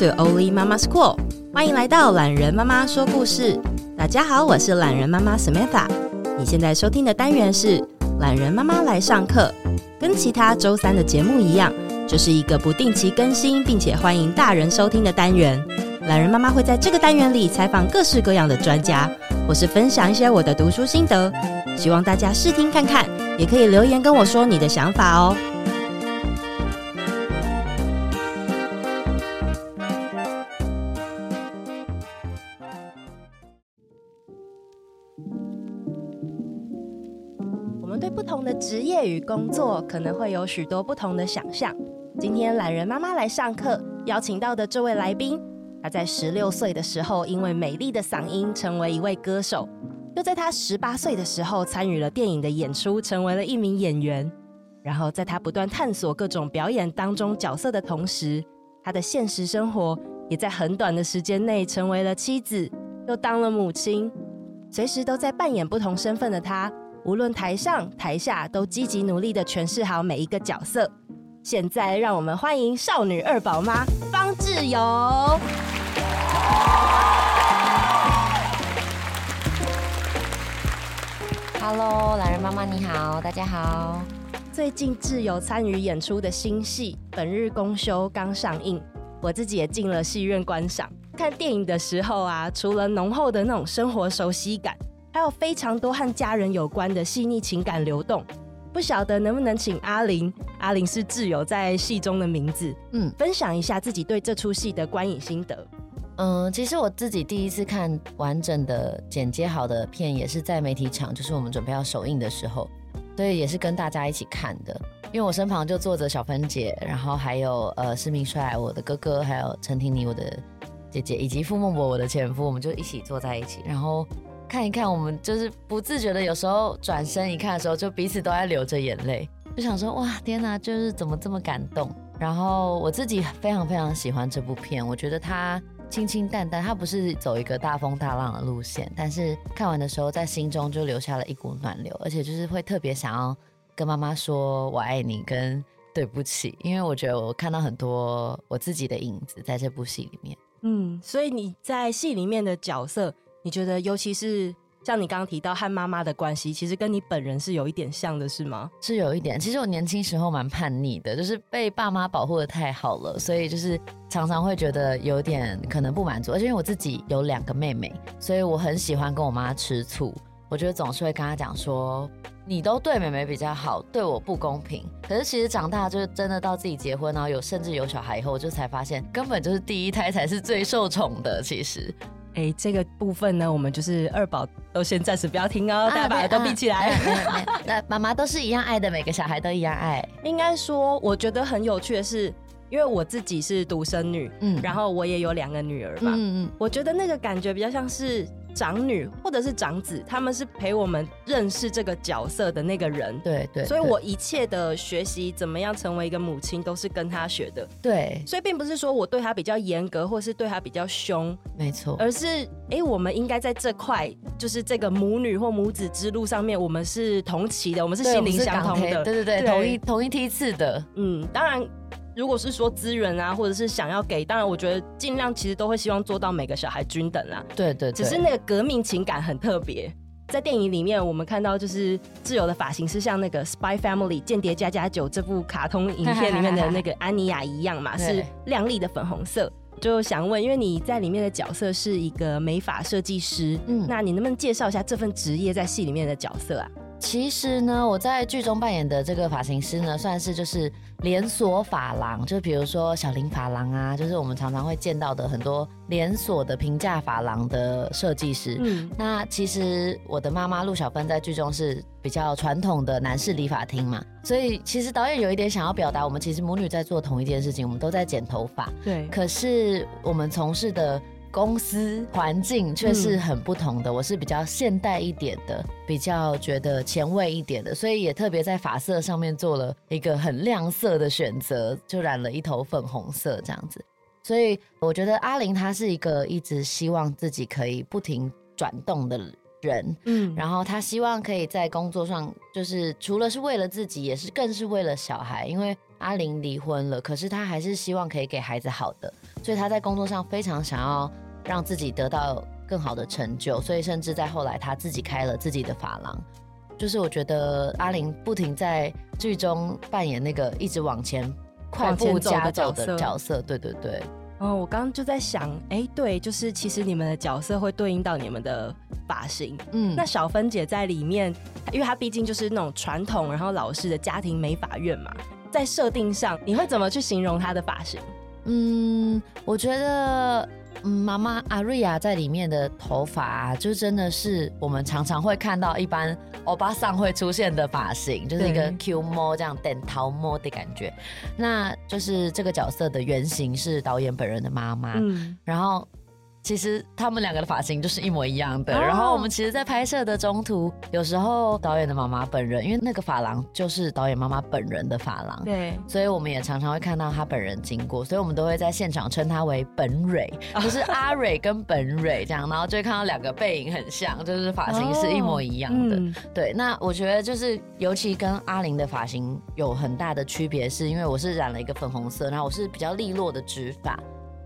to Oli Mama School，歡迎來到欖仁媽媽說故事。大家好，我是欖仁媽媽 Samantha。你現在收聽的單元是欖仁媽媽來上課，跟其他周三的節目一樣，就是一個不定期更新，並且歡迎大人收聽的單元。欖仁媽媽會在這個單元裡採訪各式各樣的專家，或是分享一些我的讀書心得。希望大家試聽看看，也可以留言跟我說你的想法哦。對於工作可能會有許多不同的想象今天欖仁媽媽來上課，邀請到的這位來賓，她在十六歲的時候因為美麗的嗓音成為一位歌手，又在她十八歲的時候參與了電影的演出，成為了一名演員。然後在她不斷探索各種表演當中角色的同時，她的現實生活也在很短的時間內成為了妻子，又當了母親，隨時都在扮演不同身份的她，無論台上台下，都積極努力地詮釋好每一個角色。現在，讓我們歡迎少女二寶媽方志友。Hello，欖仁媽媽你好，大家好。最近志友參與演出的新戲《本日公休》剛上映，我自己也進了戲院觀賞。看電影的時候啊，除了濃厚的那種生活熟悉感。還有非常多和家人有關的細膩情感流動，不曉得能不能請阿玲，阿玲是志友在戲中的名字，嗯，分享一下自己對這出戲的觀影心得。嗯，其實我自己第一次看完整的剪接好的片，也是在媒體場，就是我們準備要首映的時候，對，也是跟大家一起看的。因為我身旁就坐着小芬姐，然後還有呃施名帥我的哥哥，還有陳庭妮我的姐姐，以及傅孟柏、我的前夫，我們就一起坐在一起，然後。看一看，我們就是不自覺的，有時候轉身一看的時候，就彼此都在流着眼淚，就想說：“哇，天哪，就是怎麼這麼感動？”然後我自己非常非常喜歡這部片，我覺得它清清淡淡，它不是走一個大風大浪的路線，但是看完的時候，在心中就留下了一股暖流，而且就是會特別想要跟媽媽說“我愛你”跟“對不起”，因為我覺得我看到很多我自己的影子在這部戲裡面。嗯，所以你在戲裡面的角色。你覺得，尤其是像你剛剛提到和媽媽的關係，其實跟你本人是有一點像的，是嗎？是有一點。其實我年輕時候蠻叛逆的，就是被爸媽保護得太好了，所以就是常常會覺得有點可能不滿足。而且因為我自己有兩個妹妹，所以我很喜歡跟我媽吃醋。我覺得總是會跟她講說，你都對妹妹比較好，對我不公平。可是其實長大就是真的到自己結婚，然後有甚至有小孩以後，我就才發現，根本就是第一胎才是最受寵的。其實。哎，這個部分呢，我們就是二寶都先暫時不要聽哦，啊、大家把耳朵閉起來。那、啊、 媽媽都是一樣愛的，每個小孩都一樣愛。應該說，我覺得很有趣的是，因為我自己是獨生女，嗯，然後我也有兩個女兒嘛，嗯嗯，我覺得那個感覺比較像是。長女或者是長子，他們是陪我們認識這個角色的那個人。對，對對，所以我一切的學習怎麼樣成為一個母親，都是跟他學的。對，所以並不是說我對他比較嚴格，或是對他比較兇，沒錯，而是哎、欸，我們應該在這塊，就是這個母女或母子之路上面，我們是同期的，我們是心靈相通的。對，對對對，對同一同一梯次的。嗯，當然。如果是說資源啊，或者是想要給，當然我覺得儘量其實都會希望做到每個小孩均等啊。對對對。只是那個革命情感很特別，在電影裡面我們看到，就是志友的髮型是像那個 Family，《Spy Family》間諜家家酒這部卡通影片裡面的那個安妮亞一樣嘛，嘿嘿嘿，是亮麗的粉紅色。對就想問，因為你在裡面的角色是一個美髮設計師，嗯，那你能不能介紹一下這份職業在戲裡面的角色啊？其實呢，我在劇中扮演的這個髮型師呢，算是就是連鎖髮廊，就比如說小林髮廊啊，就是我們常常會見到的很多連鎖的平價髮廊的設計師。嗯，那其實我的媽媽陸小芬在劇中是比較傳統的男士理髮廳嘛，所以其實導演有一點想要表達，我們其實母女在做同一件事情，我們都在剪頭髮。對，可是我們從事的，公司環境卻是很不同的，嗯，我是比較現代一點的，比較覺得前衛一點的，所以也特別在髮色上面做了一個很亮色的選擇，就染了一頭粉紅色這樣子。所以我覺得阿玲她是一個一直希望自己可以不停轉動的人，嗯，然後她希望可以在工作上，就是除了是為了自己，也是更是為了小孩，因為阿玲離婚了，可是她還是希望可以給孩子好的，所以她在工作上非常想要。讓自己得到更好的成就，所以甚至在後來，他自己開了自己的髮廊。就是我覺得阿玲不停在劇中扮演那個一直往前快步夾角加走的角色，對對對。哦，我剛剛就在想，哎、欸，對，就是其實你們的角色會對應到你們的髮型。嗯，那小芬姐在裡面，因為她畢竟就是那種傳統然後老式的家庭美髮院嘛，在設定上，你會怎麼去形容她的髮型？嗯，我覺得。嗯，媽媽阿瑞亞在裡面的頭髮啊，就真的是我們常常會看到一般歐巴桑會出現的髮型，就是一個 Q 毛這樣短頭對毛的感覺。那就是這個角色的原型是導演本人的媽媽，嗯，然後。其實他們兩個的髮型就是一模一樣的，然後我們其實，在拍攝的中途，有時候導演的媽媽本人，因為那個髮廊就是導演媽媽本人的髮廊，對，所以我們也常常會看到她本人經過，所以我們都會在現場稱她為本蕊，就是阿蕊跟本蕊這樣，然後就會看到兩個背影很像，就是髮型是一模一樣的。對，那我覺得就是，尤其跟阿玲的髮型有很大的區別，是因為我是染了一個粉紅色，然後我是比較利落的直髮。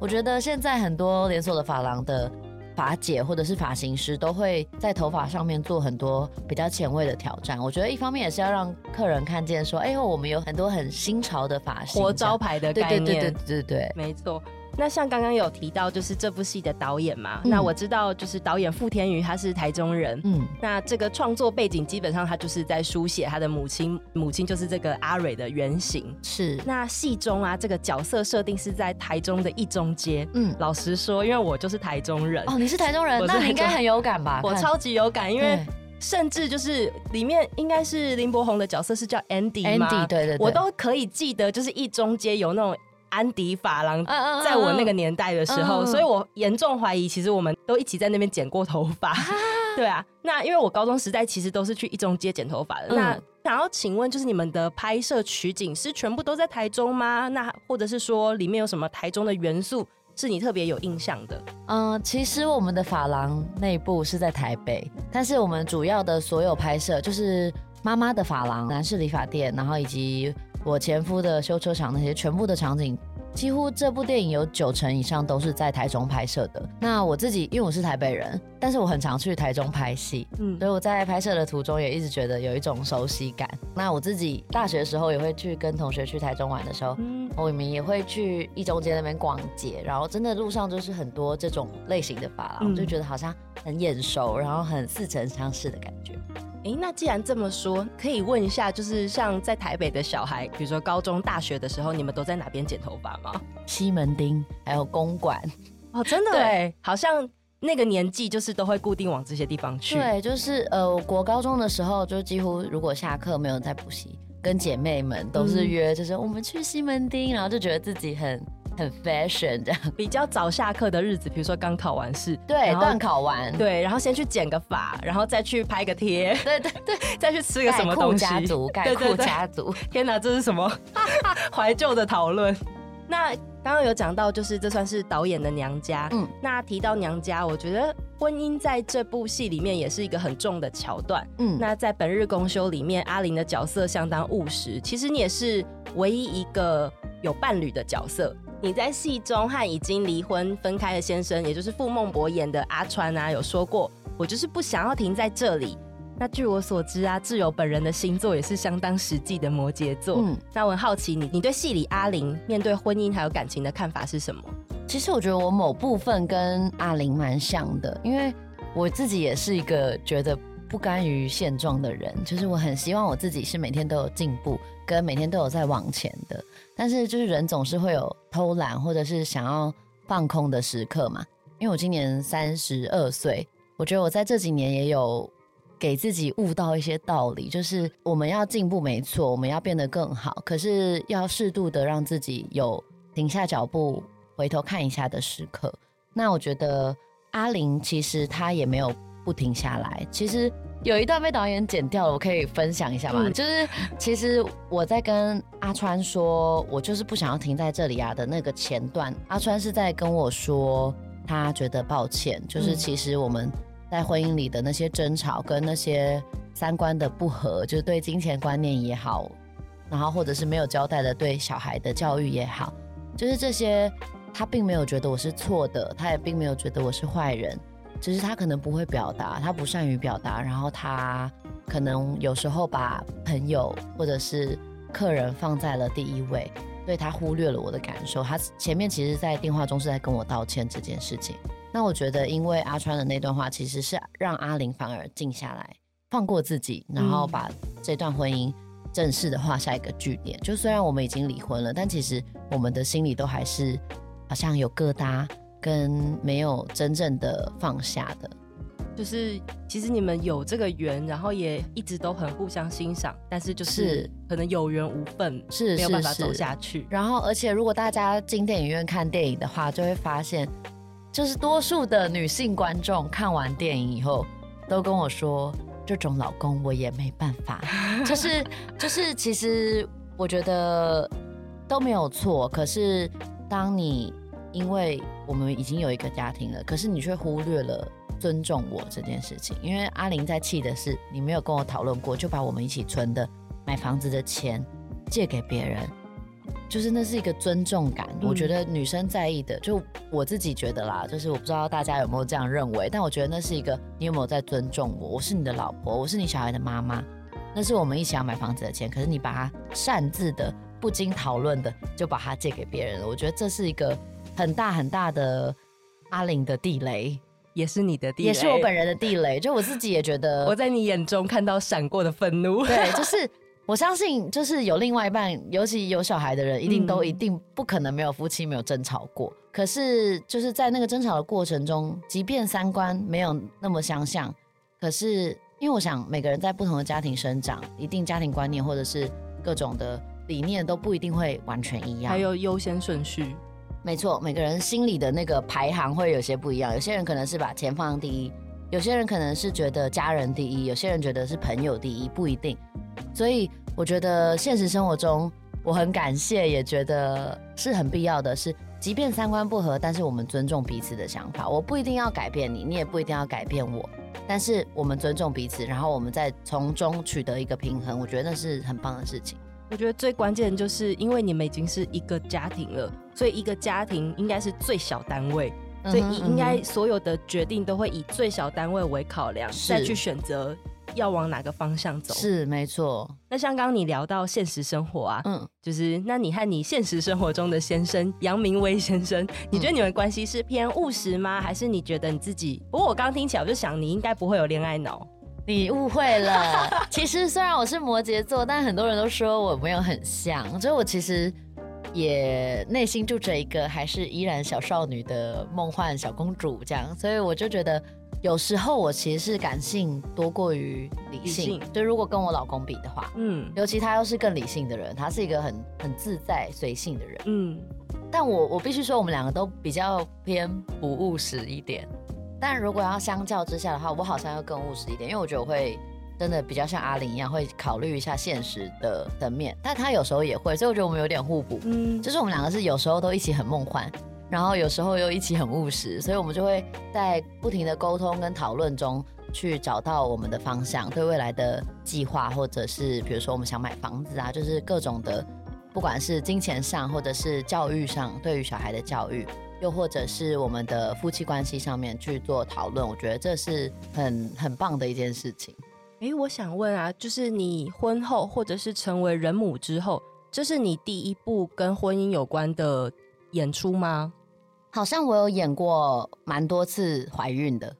我覺得現在很多連鎖的髮廊的髮姐或者是髮型師都會在頭髮上面做很多比較前衛的挑戰。我覺得一方面也是要讓客人看見，說，哎呦，我們有很多很新潮的髮型，活招牌的概念，對對對對對對對，沒錯。那像剛剛有提到，就是這部戲的導演嘛，嗯、那我知道就是導演傅天余，他是台中人。嗯，那這個創作背景基本上他就是在書寫他的母親，母親就是這個阿蕊的原型。是，那戲中啊，這個角色設定是在台中的一中街。嗯，老實說，因為我就是台中人。哦，你是台中人，我是台中人。那你應該很有感吧？我超級有感，因為甚至就是裡面應該是林柏宏的角色是叫 Andy 對嗎？Andy，對對對，我都可以記得，就是一中街有那種。安迪髮廊，在我那個年代的時候，嗯嗯嗯、所以我嚴重懷疑，其實我們都一起在那邊剪過頭髮。啊對啊，那因為我高中時代其實都是去一中街剪頭髮的。嗯、那想要請問，就是你們的拍攝取景是全部都在台中嗎？那或者是說，裡面有什麼台中的元素是你特別有印象的？嗯，其實我們的髮廊內部是在台北，但是我們主要的所有拍攝就是媽媽的髮廊、男士理髮店，然後以及，我前夫的修車廠那些全部的場景，幾乎這部電影有九成以上都是在台中拍攝的。那我自己因為我是台北人，但是我很常去台中拍戲，嗯，所以我在拍攝的途中也一直覺得有一種熟悉感。那我自己大學的時候也會去跟同學去台中玩的時候，嗯，我們也會去一中街那邊逛街，然後真的路上就是很多這種類型的髮廊，我就覺得好像很眼熟，然後很似曾相識的感覺。哎、欸，那既然這麼說，可以問一下，就是像在台北的小孩，比如說高中、大學的時候，你們都在哪邊剪頭髮嗎？西門町，還有公館，哦，真的對，好像那個年紀就是都會固定往這些地方去。對，就是呃，我國高中的時候，就幾乎如果下課沒有在補習，跟姐妹們都是約，就是、嗯、我們去西門町，然後就覺得自己很很 fashion 的，比較早下課的日子，比如說剛考完試，對，然後斷考完，對，然後先去剪個髮，然後再去拍個貼，對對對，再去吃個什麼東西。蓋酷家族，蓋酷家族對對對，天哪，這是什麼？懷舊 的討論。那剛剛有講到，就是這算是導演的娘家。嗯，那提到娘家，我覺得婚姻在這部戲裡面也是一個很重的橋段。嗯，那在《本日公休》裡面，阿玲的角色相當務實。其實你也是唯一一個有伴侶的角色。你在戲中和已經離婚分開的先生，也就是傅孟柏演的阿川啊，有說過，我就是不想要停在這裡。那據我所知啊，志友本人的星座也是相當實際的摩羯座。嗯，那我很好奇你，你對戲裡阿玲面對婚姻還有感情的看法是什麼？其實我覺得我某部分跟阿玲蠻像的，因為我自己也是一個覺得。不甘於現狀的人，就是我很希望我自己是每天都有進步，跟每天都有在往前的。但是就是人總是會有偷懶或者是想要放空的時刻嘛。因為我今年三十二歲，我覺得我在這幾年也有給自己悟到一些道理，就是我們要進步沒錯，我們要變得更好，可是要適度的讓自己有停下腳步、回頭看一下的時刻。那我覺得阿玲其實她也沒有。不停下來，其實有一段被導演剪掉了，我可以分享一下嗎？嗯，就是其實我在跟阿川說，我就是不想要停在這裡啊的那個前段，阿川是在跟我說，他覺得抱歉，就是其實我們在婚姻裡的那些爭吵跟那些三觀的不合，就是對金錢觀念也好，然後或者是沒有交代的對小孩的教育也好，就是這些他並沒有覺得我是錯的，他也並沒有覺得我是壞人。只是他可能不會表達，他不善於表達，然後他可能有時候把朋友或者是客人放在了第一位，對，他忽略了我的感受。他前面其實在電話中是在跟我道歉這件事情。那我覺得，因為阿川的那段話，其實是讓阿玲反而靜下來，放過自己，然後把這段婚姻正式的畫下一個句點。嗯、就雖然我們已經離婚了，但其實我們的心裡都還是好像有疙瘩。跟沒有真正的放下的，就是其實你們有這個緣，然後也一直都很互相欣賞，但是就是,是可能有緣無份，是沒有辦法走下去。是是是然後，而且如果大家進電影院看電影的話，就會發現，就是多數的女性觀眾看完電影以後，都跟我說：“這種老公我也沒辦法。 就是”就是就是，其實我覺得都沒有錯。可是當你。因為我們已經有一個家庭了，可是你卻忽略了尊重我這件事情。因為阿玲在氣的是你沒有跟我討論過，就把我們一起存的買房子的錢借給別人，就是那是一個尊重感。嗯、我覺得女生在意的，就我自己覺得啦，就是我不知道大家有沒有這樣認為，但我覺得那是一個你有沒有在尊重我？我是你的老婆，我是你小孩的媽媽，那是我們一起要買房子的錢，可是你把它擅自的不經討論的就把它借給別人了，我覺得這是一個。很大很大的阿玲的地雷，也是你的地雷，也是我本人的地雷。就我自己也覺得， 我在你眼中看到閃過的憤怒。 對，就是我相信，就是有另外一半，尤其有小孩的人，一定都一定不可能沒有夫妻沒有爭吵過。嗯、可是就是在那個爭吵的過程中，即便三觀沒有那麼相像，可是因為我想每個人在不同的家庭生長，一定家庭觀念或者是各種的理念都不一定會完全一樣，還有優先順序。沒錯，每個人心裡的那個排行會有些不一樣。有些人可能是把錢放在第一，有些人可能是覺得家人第一，有些人覺得是朋友第一，不一定。所以我覺得現實生活中，我很感謝，也覺得是很必要的是，是即便三觀不合，但是我們尊重彼此的想法，我不一定要改變你，你也不一定要改變我，但是我們尊重彼此，然後我們再從中取得一個平衡，我覺得那是很棒的事情。我覺得最關鍵的就是，因為你們已經是一個家庭了，所以一個家庭應該是最小單位，嗯、哼所以應該所有的決定都會以最小單位為考量，是再去選擇要往哪個方向走。是沒錯。那像剛剛你聊到現實生活啊，嗯，就是那你和你現實生活中的先生楊明威先生，你覺得你們關係是偏務實嗎？還是你覺得你自己？不過我剛聽起來我就想，你應該不會有戀愛腦。你誤會了，其實雖然我是摩羯座， 但很多人都說我沒有很像，所以我其實也內心住着一個還是依然小少女的夢幻小公主這樣，所以我就覺得有時候我其實是感性多過於理性，所以性如果跟我老公比的話，嗯，尤其他又是更理性的人，他是一個很很自在隨性的人，嗯，但我我必須說，我們兩個都比較偏不務實一點。但如果要相較之下的話，我好像要更務實一點，因為我覺得我會真的比較像阿玲一樣，會考慮一下現實的層面。但她有時候也會，所以我覺得我們有點互補。嗯，就是我們兩個是有時候都一起很夢幻，然後有時候又一起很務實，所以我們就會在不停的溝通跟討論中去找到我們的方向，對未來的計劃，或者是比如說我們想買房子啊，就是各種的，不管是金錢上或者是教育上，對於小孩的教育。又或者是我們的夫妻關係上面去做討論，我覺得這是很很棒的一件事情。誒、欸，我想問啊，就是你婚後或者是成為人母之後，這是你第一部跟婚姻有關的演出嗎？好像我有演過蠻多次懷孕的，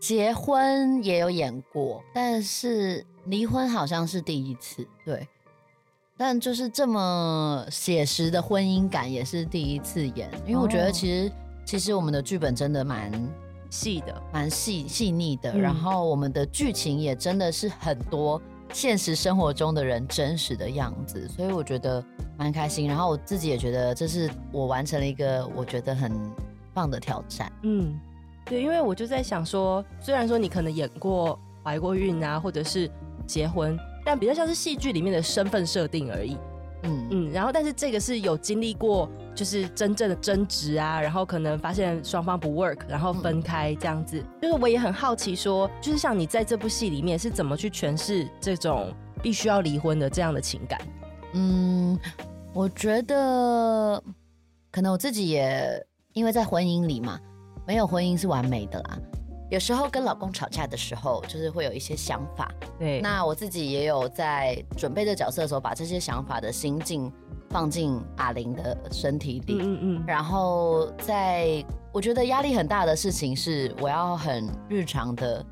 結婚也有演過，但是離婚好像是第一次，對。但就是這麼寫實的婚姻感也是第一次演，因為我覺得其實、哦、其實我們的劇本真的蠻細的，蠻細細膩的，嗯、然後我們的劇情也真的是很多現實生活中的人真實的樣子，所以我覺得蠻開心。然後我自己也覺得這是我完成了一個我覺得很棒的挑戰。嗯，對，因為我就在想說，雖然說你可能演過懷過孕啊，或者是結婚。但比較像是戲劇裡面的身份設定而已，嗯嗯，然後但是這個是有經歷過，就是真正的爭執啊，然後可能發現雙方不 work，然後分開這樣子。嗯，就是我也很好奇說就是像你在這部戲裡面是怎麼去詮釋這種必須要離婚的這樣的情感？嗯，我覺得可能我自己也因為在婚姻裡嘛，沒有婚姻是完美的啦。有時候跟老公吵架的時候，就是會有一些想法。對，那我自己也有在準備的角色的時候，把這些想法的心境放進阿玲的身體裡。嗯嗯嗯。然後在我覺得壓力很大的事情是，我要很日常的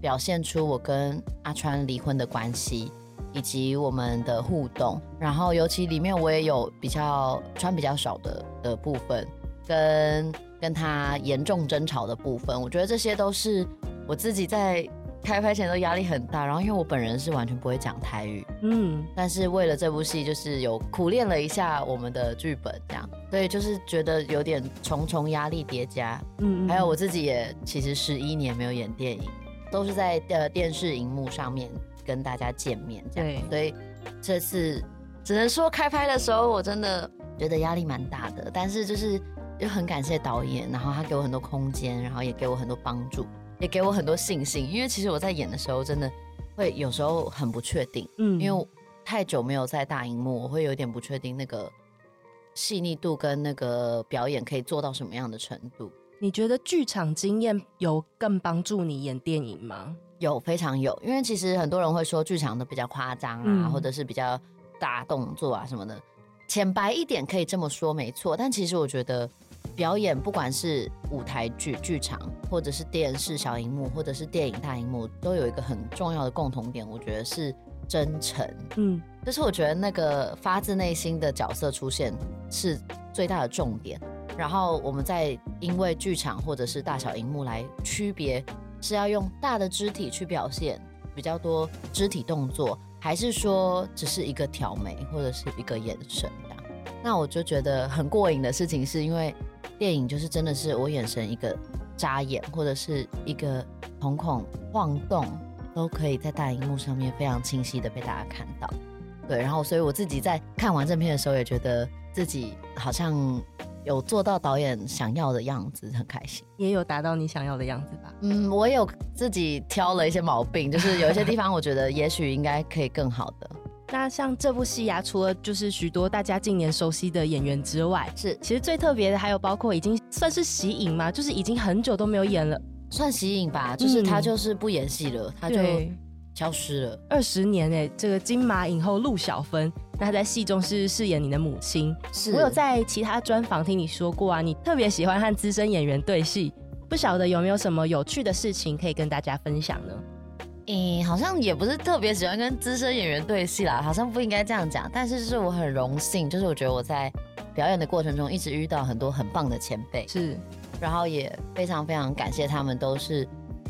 表現出我跟阿川離婚的關係，以及我們的互動。然後尤其裡面我也有比較穿比較少的的部分跟，跟他嚴重爭吵的部分，我覺得這些都是我自己在開拍前都壓力很大。然後，因為我本人是完全不會講台語，嗯，但是為了這部戲，就是有苦練了一下我們的劇本，這樣，對，就是覺得有點重重壓力疊加，嗯，嗯。還有我自己也其實十一年沒有演電影，都是在電視熒幕上面跟大家見面這樣，對。所以這次只能說開拍的時候，我真的覺得壓力蠻大的，但是就是。就很感謝導演，然後他給我很多空間，然後也給我很多幫助，也給我很多信心。因為其實我在演的時候，真的會有時候很不確定，嗯，因為太久沒有在大熒幕，我會有點不確定那個細膩度跟那個表演可以做到什麼樣的程度。你覺得劇場經驗有更幫助你演電影嗎？有，非常有。因為其實很多人會說劇場的比較誇張啊，嗯、或者是比較大動作啊什麼的，淺白一點可以這麼說，沒錯。但其實我覺得。表演不管是舞台劇、劇場，或者是電視小熒幕，或者是電影大熒幕，都有一個很重要的共同點，我覺得是真誠，嗯，就是我覺得那個發自內心的角色出現是最大的重點。然後我們在因為劇場或者是大小熒幕來區別，是要用大的肢體去表現比較多肢體動作，還是說只是一個挑眉或者是一個眼神這樣？那我就覺得很過癮的事情是因為。電影就是真的是我眼神一個眨眼，或者是一個瞳孔晃動，都可以在大熒幕上面非常清晰的被大家看到。對，然後所以我自己在看完正片的時候，也覺得自己好像有做到導演想要的樣子，很開心。也有達到你想要的樣子吧？嗯，我有自己挑了一些毛病，就是有一些地方我覺得也許應該可以更好的。 那像這部戲呀、啊，除了就是許多大家近年熟悉的演員之外，是，其實最特別的還有包括已經算是息影嘛，就是已經很久都沒有演了，算息影吧，就是他就是不演戲了，嗯、他就消失了。二十年哎、欸，這個金馬影后陸小芬，那她在戲中是飾演你的母親，是。我有在其他專訪聽你說過啊，你特別喜歡和資深演員對戲，不曉得有沒有什麼有趣的事情可以跟大家分享呢？嗯、uh, 好像也不是特別喜歡跟資深演員對戲啦，好像不應該這樣講。但是就是我很榮幸，就是我覺得我在表演的過程中一直遇到很多很棒的前輩，是，然後也非常非常感謝他們都是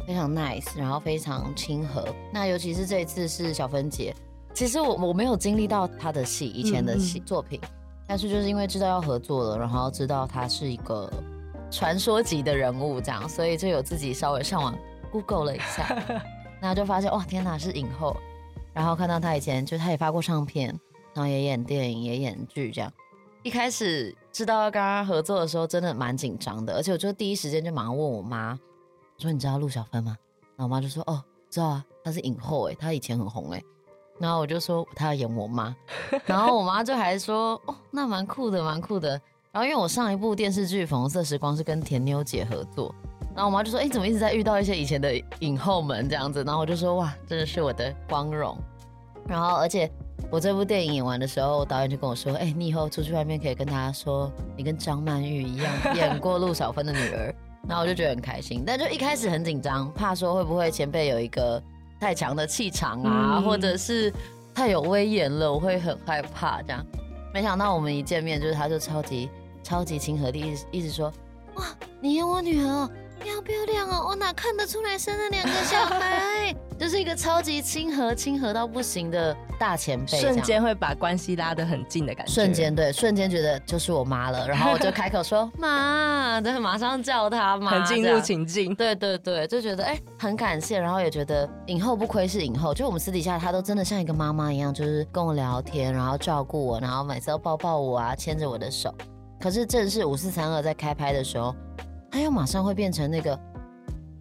非常 nice，然後非常親和。那尤其是這一次是小芬姐，其實我我沒有經歷到她的戲，以前的戲、嗯嗯、作品，但是就是因為知道要合作了，然後知道她是一個傳說級的人物這樣，所以就有自己稍微上網 Google 了一下。 然後就發現哇天哪是影後，然後看到她以前就她也發過唱片，然後也演電影也演劇這樣，一開始知道要跟她合作的時候真的蠻緊張的，而且我就第一時間就馬上問我媽，我說你知道陸小芬嗎？然後我媽就說哦知道啊，她是影后哎，她以前很紅哎，然後我就說她要演我媽，然後我媽就還說哦那蠻酷的蠻酷的，然後因為我上一部電視劇《粉紅色時光》是跟甜妞姐合作。然後我媽就說：“哎，怎麼一直在遇到一些以前的影后們這樣子？”然後我就說：“哇，真的是我的光榮。”然後，而且我這部電影演完的時候，導演就跟我說：“哎，你以後出去外面可以跟大家說，你跟張曼玉一樣演過陸小芬的女兒。” 然後我就覺得很開心。但就一開始很緊張，怕說會不會前輩有一個太強的氣場啊，嗯、或者是太有威嚴了，我會很害怕這樣。沒想到我們一見面，就是他就超級超級親和力，一直一直說：“哇，你演我女兒哦。”漂不漂亮哦！我、哦、哪看得出來生了兩個小孩？ 就是一個超級親和、親和到不行的大前輩，瞬間會把關係拉得很近的感覺。瞬間對，瞬間覺得就是我媽了，然後我就開口說 媽，對，馬上叫她媽。很進入情境，對對對，就覺得哎，欸、很感謝，然後也覺得影后不虧是影後。就我們私底下，她都真的像一個媽媽一樣，就是跟我聊天，然後照顧我，然後每次要抱抱我啊，牽着我的手。可是正是《五四三二》在開拍的時候。他又馬上會變成那個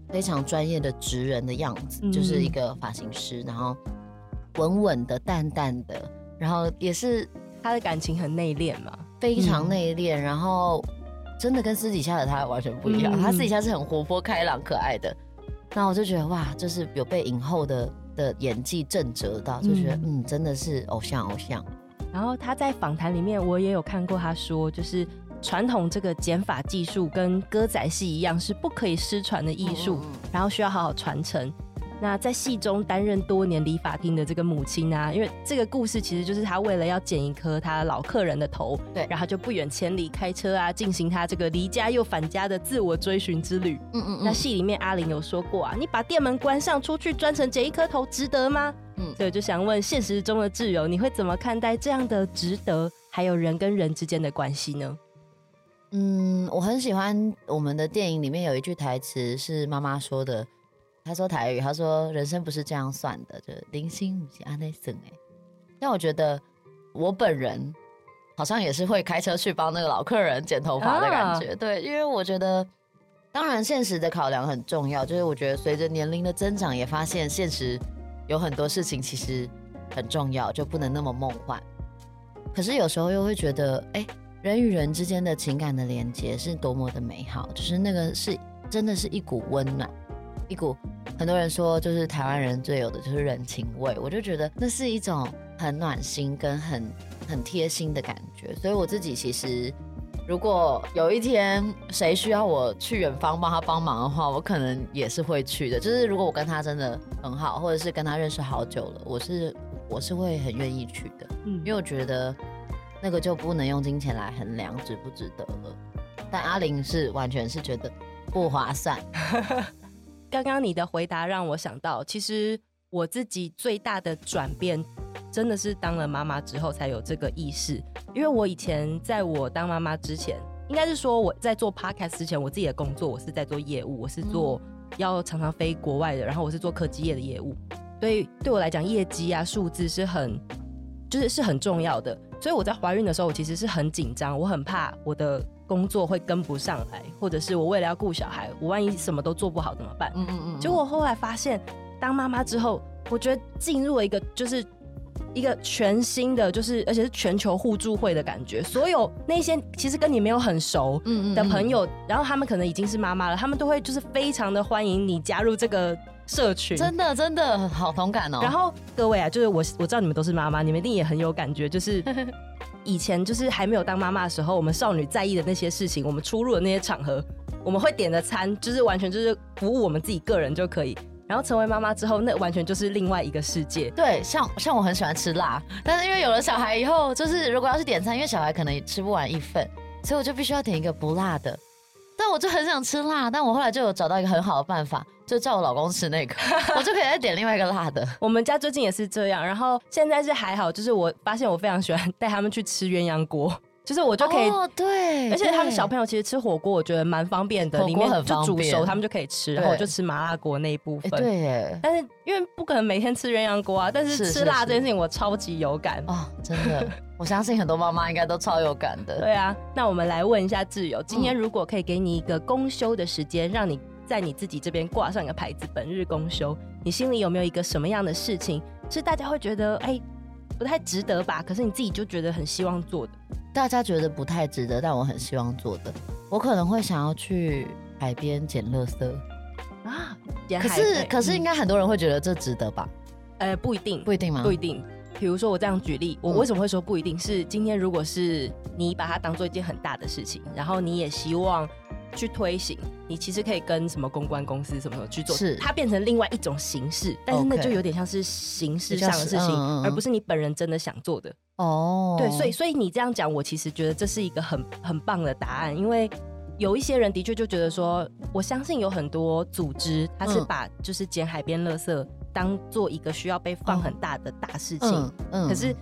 非常專業的職人的樣子，嗯、就是一個髮型師，然後穩穩的、淡淡的，然後也是他的感情很內斂嘛，非常內斂，然後真的跟私底下的他完全不一樣，嗯、他私底下是很活潑開朗、可愛的。那我就覺得哇，就是有被影後的的演技震折到，就覺得嗯，嗯，真的是偶像偶像。然後他在訪談裡面我也有看過，他說就是。傳統這個剪髮技術跟歌仔戲一樣，是不可以失傳的藝術，然後需要好好傳承。那在戲中擔任多年理髮廳的這個母親啊，因為這個故事其實就是他為了要剪一顆他老客人的頭，對，然後就不遠千里開車啊，進行他這個離家又返家的自我追尋之旅。嗯，嗯嗯。那戲裡面阿玲有說過啊，你把店門關上出去專程剪一顆頭，值得嗎？嗯。對，就想問現實中的志友，你會怎麼看待這樣的值得？還有人跟人之間的關係呢？嗯，我很喜歡我們的電影裡面有一句台詞是媽媽說的，她說台語，她說人生不是這樣算的，就人生毋是安捏算哎。但我覺得我本人好像也是會開車去幫那個老客人剪頭髮的感覺，啊、對，因為我覺得，當然現實的考量很重要，就是我覺得隨着年齡的增長，也發現現實有很多事情其實很重要，就不能那麼夢幻。可是有時候又會覺得，哎。人與人之間的情感的連接是多麼的美好，就是那個是真的是一股溫暖，一股很多人說就是台灣人最有的就是人情味，我就覺得那是一種很暖心跟很很貼心的感覺。所以我自己其實，如果有一天誰需要我去遠方幫他幫忙的話，我可能也是會去的。就是如果我跟他真的很好，或者是跟他認識好久了，我是我是會很願意去的，嗯，因為我覺得。那個就不能用金錢來衡量值不值得了，但阿玲是完全是覺得不划算。 剛剛你的回答讓我想到，其實我自己最大的轉變，真的是當了媽媽之後才有這個意識，因為我以前在我當媽媽之前，應該是說我在做 podcast 之前，我自己的工作我是在做業務，我是做要常常飛國外的，然後我是做科技業的業務，所以對我來講，業績啊，數字是很就是是很重要的。所以我在懷孕的時候，我其實是很緊張，我很怕我的工作會跟不上來，或者是我為了要顧小孩，我萬一什麼都做不好怎麼辦？嗯，嗯嗯嗯。結果我後來發現，當媽媽之後，我覺得進入了一個就是一個全新的，就是而且是全球互助會的感覺。所有那些其實跟你沒有很熟的朋友，嗯嗯嗯，然後他們可能已經是媽媽了，他們都會就是非常的歡迎你加入這個。社群，真的真的好同感哦！然後各位啊，就是我我知道你們都是媽媽，你們一定也很有感覺。就是以前就是還沒有當媽媽的時候，我們少女在意的那些事情，我們出入的那些場合，我們會點的餐，就是完全就是服務我們自己個人就可以。然後成為媽媽之後，那完全就是另外一個世界。對，像像我很喜歡吃辣，但是因為有了小孩以後，就是如果要是點餐，因為小孩可能也吃不完一份，所以我就必須要點一個不辣的，我就很想吃辣，但我後來就有找到一個很好的辦法，就叫我老公吃那個， 我就可以再點另外一個辣的。 我們家最近也是這樣，然後現在是還好，就是我發現我非常喜歡帶他們去吃鴛鴦鍋。就是我就可以，oh, 對，而且他們小朋友其實吃火鍋，我覺得蠻方便的，對裡面很方便，就煮熟他們就可以吃，對然後我就吃麻辣鍋那一部分。對，但是因為不可能每天吃鴛鴦鍋啊，但是吃辣這件事情我超級有感是是是，oh, 真的， 我相信很多媽媽應該都超有感的。對啊，那我們來問一下志友，今天如果可以給你一個公休的時間，嗯、讓你在你自己這邊掛上一個牌子“本日公休”，你心裡有沒有一個什麼樣的事情，是大家會覺得哎不太值得吧？可是你自己就覺得很希望做的？大家覺得不太值得，但我很希望做的。我可能會想要去海邊撿垃圾啊，可是可是，嗯、可是應該很多人會覺得這值得吧？呃，不一定，不一定嗎？不一定。比如說我這樣舉例，我為什麼會說不一定？嗯、是今天如果是你把它當做一件很大的事情，然後你也希望去推行，你其實可以跟什麼公關公司什麼什麼去做，是它變成另外一種形式，但是 Okay 那就有點像是形式上的事情，而不是你本人真的想做的。哦，oh. 對，所以所以你這樣講，我其實覺得這是一個很很棒的答案，因為有一些人的確就覺得說，我相信有很多組織，他是把就是撿海邊垃圾當做一個需要被放很大的大事情，oh. 可是。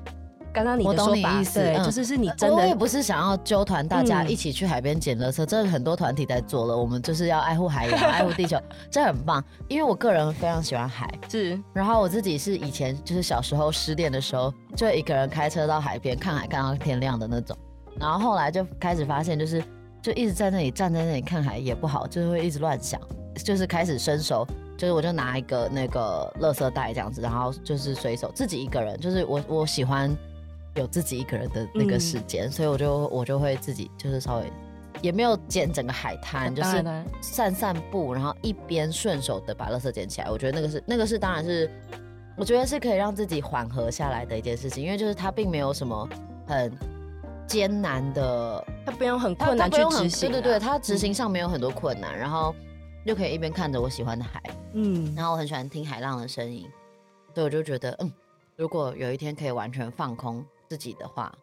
剛剛你的說我懂你意思，對嗯、就是是你真的，嗯，我也不是想要揪團，大家一起去海邊撿垃圾，這是，嗯、很多團體在做了。我們就是要愛護海洋， 愛護地球，這很棒。因為我個人非常喜歡海，是。然後我自己是以前就是小時候失戀的時候，就一個人開車到海邊看海，看到天亮的那種。然後後來就開始發現，就是就一直在那裡站在那裡看海也不好，就是會一直亂想，就是開始伸手，就是我就拿一個那個垃圾袋這樣子，然後就是隨手自己一個人，就是我我喜歡。有自己一個人的那個時間，嗯、所以我就我就會自己就是稍微也沒有撿整個海灘，然就是散散步，然後一邊順手的把垃圾撿起來。我覺得那個是那個是當然是，我覺得是可以讓自己緩和下來的一件事情，因為就是它並沒有什麼很艱難的，它不用很困難去執行、啊，對，對對，它執行上沒有很多困難，嗯、然後又可以一邊看着我喜歡的海，嗯，然後我很喜歡聽海浪的聲音，對，我就覺得嗯，如果有一天可以完全放空，自己的話，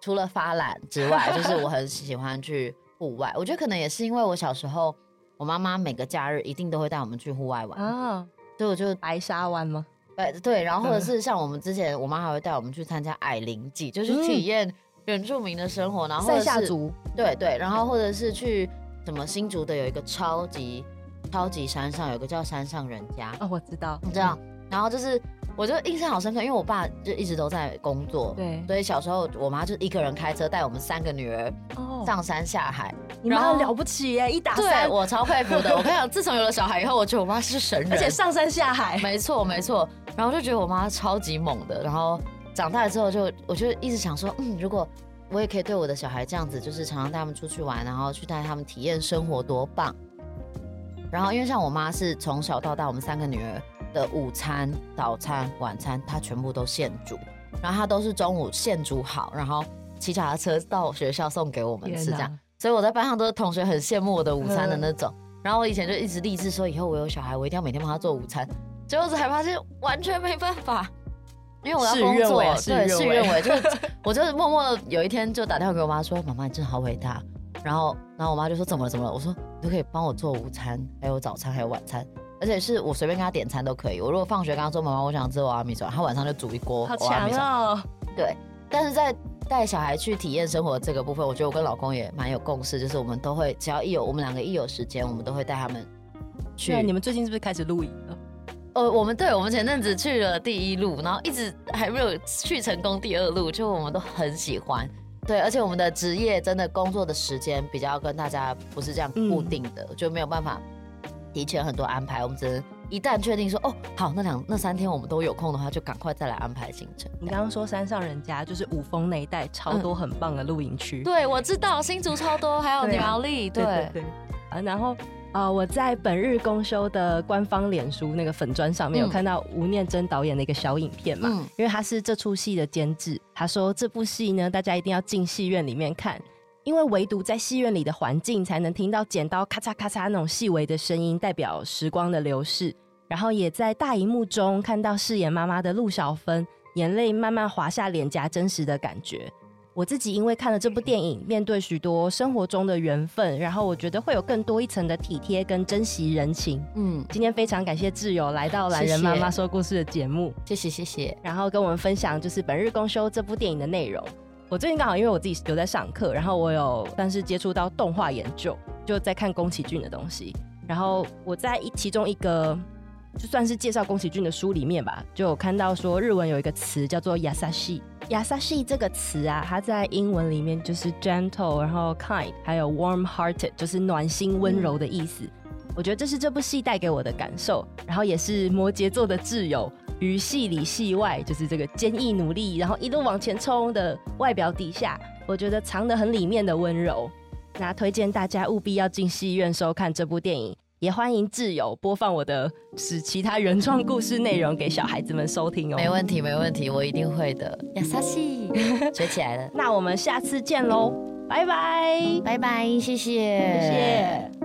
除了發懶之外，就是我很喜歡去戶外。 我覺得可能也是因為我小時候，我媽媽每個假日一定都會帶我們去戶外玩啊，哦、所以我就是白沙灣嗎？對對，然後或者是像我們之前， 我媽還會帶我們去參加矮靈祭，就是體驗原住民的生活，嗯、然後賽夏族。對對，然後或者是去什麼新竹的有一個超級超級山上有個叫山上人家啊。哦，我知道，你知道。然後就是，我就印象好深刻，因為我爸就一直都在工作，對，所以小時候我媽就一個人開車帶我們三個女兒上山下海。哦、然後你媽了不起耶！一打三，對 我超佩服的。我跟你講，自從有了小孩以後，我覺得我媽是神人，而且上山下海，沒錯沒錯。然後我就覺得我媽超級猛的。然後長大了之後就，就我就一直想說，嗯，如果我也可以對我的小孩這樣子，就是常常帶他們出去玩，然後去帶他們體驗生活，多棒！然後因為像我媽是從小到大，我們三個女兒。的午餐、早餐、晚餐，他全部都現煮，然後他都是中午現煮好，然後騎腳踏車到學校送給我們吃，哪這樣。所以我在班上都是同學很羨慕我的午餐的那種。呃、然後我以前就一直立志說，以後我有小孩，我一定要每天幫他做午餐。結果才發現完全沒辦法，因為我要工作。對，事與願違，事與願違 就我就是默默有一天就打電話給我媽說：“ 媽媽，你真的好偉大。”然後，然後我媽就說：“怎麼了？怎麼了？”我說：“你都可以幫我做午餐，還有早餐，還有晚餐。”而且是我隨便跟他點餐都可以。我如果放學剛剛做我想吃阿、啊、米燒，他晚上就煮一鍋好、哦哦啊、米燒。對，但是在帶小孩去體驗生活這個部分，我覺得我跟老公也蠻有共識，就是我們都會只要一有我們兩個一有時間，我們都會帶他們去。你們最近是不是開始露營了？哦、呃，我們對，我們前陣子去了第一路，然後一直還沒有去成功第二路，就我們都很喜歡。對，而且我們的職業真的工作的時間比較跟大家不是這樣固定的，嗯、就沒有辦法，提前很多安排，我們只能一旦確定說，哦好，那兩那三天我們都有空的話，就趕快再來安排行程。你剛剛說山上人家就是五峰那一帶超多很棒的露營區，嗯，對我知道新竹超多，還有苗栗對，對對對。對對對啊，然後啊、呃，我在本日公休的官方臉書那個粉專上面有看到吳、嗯、念真導演的一個小影片嘛，嗯、因為他是這出戲的監制，他說這部戲呢，大家一定要進戲院裡面看。因為唯獨在戲院裡的環境，才能聽到剪刀咔嚓咔嚓那種細微的聲音，代表時光的流逝。然後也在大熒幕中看到飾演媽媽的陸小芬，眼淚慢慢滑下臉頰，真實的感覺。我自己因為看了這部電影，面對許多生活中的緣分，然後我覺得會有更多一層的體貼跟珍惜人情。嗯，今天非常感謝志友來到《欖仁媽媽說故事》的節目，謝謝謝謝。然後跟我們分享就是《本日公休》這部電影的內容。我最近剛好因為我自己有在上課，然後我有算是接觸到動畫研究，就在看宮崎駿的東西。然後我在一其中一個就算是介紹宮崎駿的書裡面吧，就有看到說日文有一個詞叫做 “yasashi”。yasashi 這個詞啊，它在英文裡面就是 gentle，然後 kind，還有 warm-hearted，就是暖心溫柔的意思。嗯、我覺得這是這部戲帶給我的感受，然後也是摩羯座的志友，於戲裡戲外，就是這個堅毅努力，然後一路往前衝的外表底下，我覺得藏得很裡面的溫柔。那推薦大家務必要進戲院收看這部電影，也歡迎志友播放我的使其他原創故事內容給小孩子們收聽哦。沒問題，沒問題，我一定會的。亞薩西，學起來了。那我們下次見嘍，拜拜。嗯，拜拜，謝謝，謝謝。